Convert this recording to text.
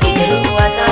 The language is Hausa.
suke ruwa ta